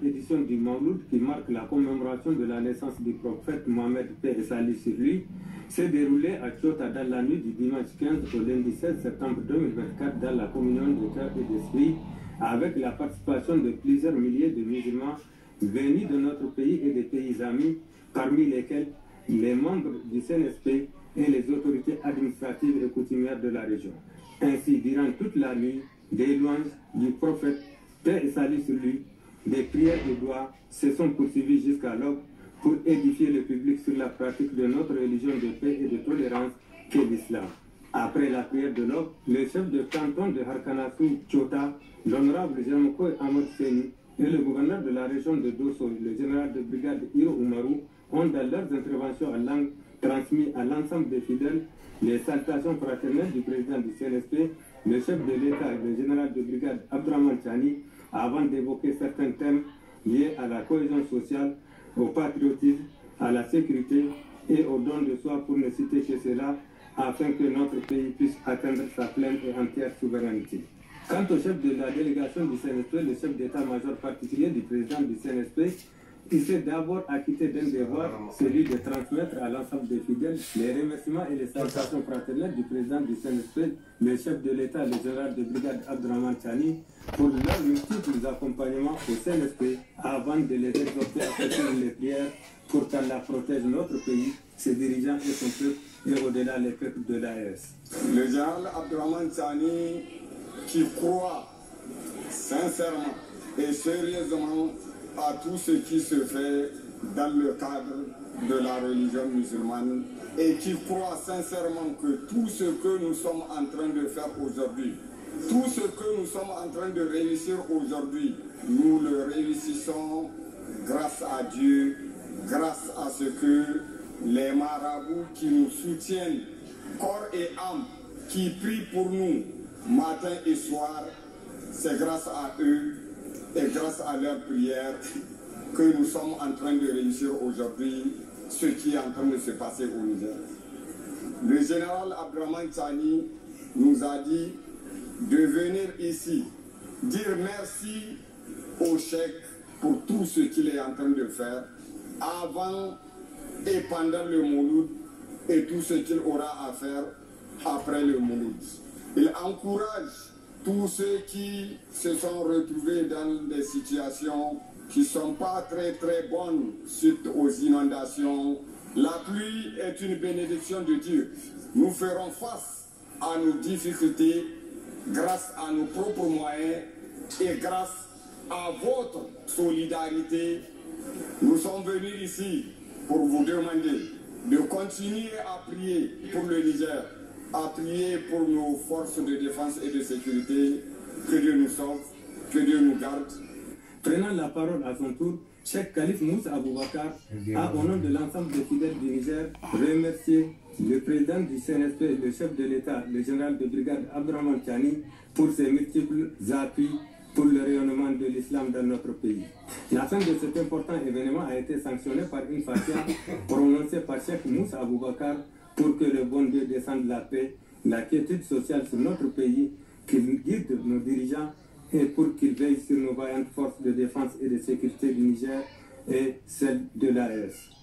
L'édition du Mawlid qui marque la commémoration de la naissance du prophète Mohamed paix et salut sur lui s'est déroulée à Tchota dans la nuit du dimanche 15 au lundi 16 septembre 2024 dans la communion de cœur et d'esprit avec la participation de plusieurs milliers de musulmans venus de notre pays et des pays amis parmi lesquels les membres du CNSP et les autorités administratives et coutumières de la région. Ainsi, durant toute la nuit, des louanges du prophète paix et salut sur lui des prières de gloire se sont poursuivies jusqu'à jusqu'alors pour édifier le public sur la pratique de notre religion de paix et de tolérance qu'est l'islam. Après la prière de l'aube, le chef de canton de Harkanasu, Chota, l'honorable Jamoko Ahmed Seni et le gouverneur de la région de Dosso, le général de brigade Iro Umaru, ont dans leurs interventions en langue transmis à l'ensemble des fidèles les salutations fraternelles du président du CNSP, le chef de l'État, et le général de brigade Abdraman Chani, avant d'évoquer certains thèmes liés à la cohésion sociale, au patriotisme, à la sécurité et au don de soi pour ne citer que cela, afin que notre pays puisse atteindre sa pleine et entière souveraineté. Quant au chef de la délégation du CNSP, le chef d'état-major particulier du président du CNSP, il s'est d'abord acquitté d'un devoir, celui de transmettre à l'ensemble des fidèles les remerciements et les salutations fraternelles du président du CNSP, le chef de l'État, le général de brigade Abdraman Chani, pour leurs multiples accompagnements au CNSP avant de les exhorter à faire les prières pour la protège notre pays, ses dirigeants et son peuple, et au-delà les peuples de l'AES. Le général Abdraman Chani qui croit sincèrement et sérieusement à tout ce qui se fait dans le cadre de la religion musulmane et qui croit sincèrement que tout ce que nous sommes en train de faire aujourd'hui, tout ce que nous sommes en train de réussir aujourd'hui, nous le réussissons grâce à Dieu, grâce à ce que les marabouts qui nous soutiennent, corps et âme, qui prient pour nous matin et soir, c'est grâce à eux grâce à leur prière que nous sommes en train de réussir aujourd'hui ce qui est en train de se passer au Niger. Le général Abdraman Tsani nous a dit de venir ici dire merci au chèque pour tout ce qu'il est en train de faire avant et pendant le Mouloud et tout ce qu'il aura à faire après le Mouloud. Il encourage tous ceux qui se sont retrouvés dans des situations qui ne sont pas très très bonnes suite aux inondations. La pluie est une bénédiction de Dieu. Nous ferons face à nos difficultés grâce à nos propres moyens et grâce à votre solidarité. Nous sommes venus ici pour vous demander de continuer à prier pour le Niger à pour nos forces de défense et de sécurité. Que Dieu nous sauve, que Dieu nous garde. Prenant la parole à son tour, Cheikh Khalif Moussa Aboubakar a, au nom de l'ensemble des fidèles du Niger, remercié le président du CNSP et le chef de l'État, le général de brigade Abdraman Chani, pour ses multiples appuis pour le rayonnement de l'islam dans notre pays. La fin de cet important événement a été sanctionnée par une fatia prononcée par Cheikh Moussa Aboubakar pour que le bon Dieu descende la paix, la quiétude sociale sur notre pays, qu'il guide nos dirigeants et pour qu'il veille sur nos vaillantes forces de défense et de sécurité du Niger et celles de l'AES.